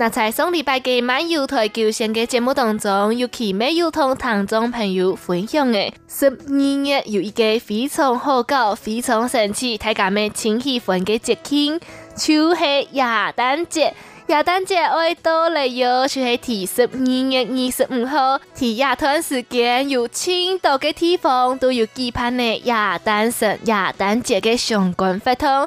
那在上禮拜嘅漫遊台九線的節目當中，尤其沒有起美友同聽眾朋友分享的。十二月有一個非常好搞、非常神奇、大家美請喜歡的節慶，就是耶誕節。耶誕節愛到來喲，就是喺十二月二十五號喺耶誕時間，有千多個嘅地方都有舉辦嘅耶誕城、耶誕節的相關活動。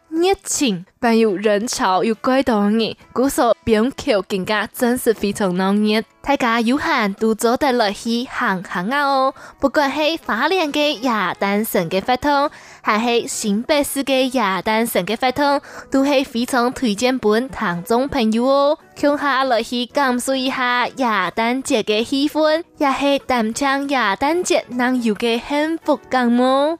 熱情，伴有人潮，又怪多人。姑首表口更加真係非常濃烈。大家有閒都做得落去行行啊哦！不管是花蓮嘅耶誕城嘅活動，還是新北市嘅耶誕城嘅活動，都係非常推薦畀聽眾朋友哦。恐下來去感受一下耶誕節嘅氣氛，也係探嘗耶誕節男友嘅幸福感哦。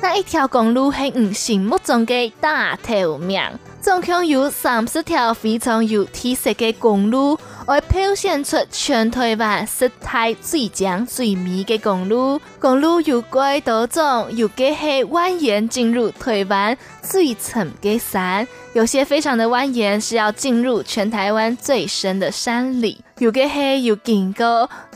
那一條公路係你心目中的大頭名？總共有三十條非常有特色嘅公路，而表現出全台灣十大最長、最迷嘅公路。公路有拐多轉，有嘅係蜿蜒進入台灣最深嘅山，有些非常的蜿蜒，是要進入全台灣最深的山裏；有嘅係又高，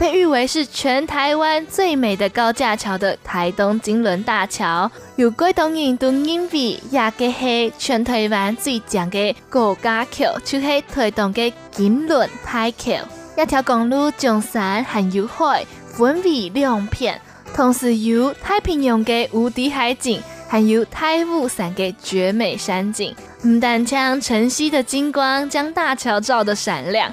被譽為是全台灣最美的高架橋的台東金輪大橋，由廣東人都認為亞個係全台灣最長嘅高架橋，就是台東嘅金輪大橋。一條公路將山含有海分為兩片，同時有太平洋嘅無敵海景，還有太武山嘅絕美山景。唔但將晨曦的金光將大橋照得閃亮。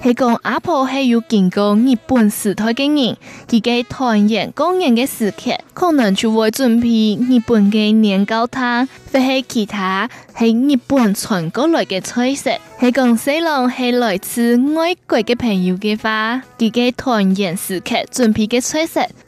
係講阿婆係有見過日本時代嘅人，自己團圓過年嘅時刻，可能就會準備日本嘅年糕湯，或者其他係日本傳過來嘅菜式。係講小龍係來自外國嘅朋友嘅話，自己團圓時刻準備嘅菜式。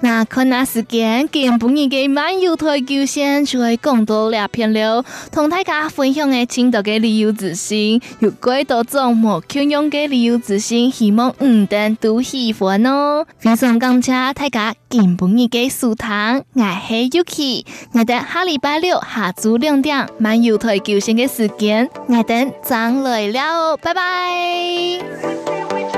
那看那時間，今晚嘅漫遊台球星就會更多兩片了，同大家分享嘅青島嘅旅遊資訊有幾多種，冇營養嘅旅遊資訊，希望唔、嗯、同都喜歡哦。非常感謝大家今晚嘅收聽，我係 Yuki，我等下禮拜六下晝兩點漫遊台球星嘅時間，我等將來了拜拜。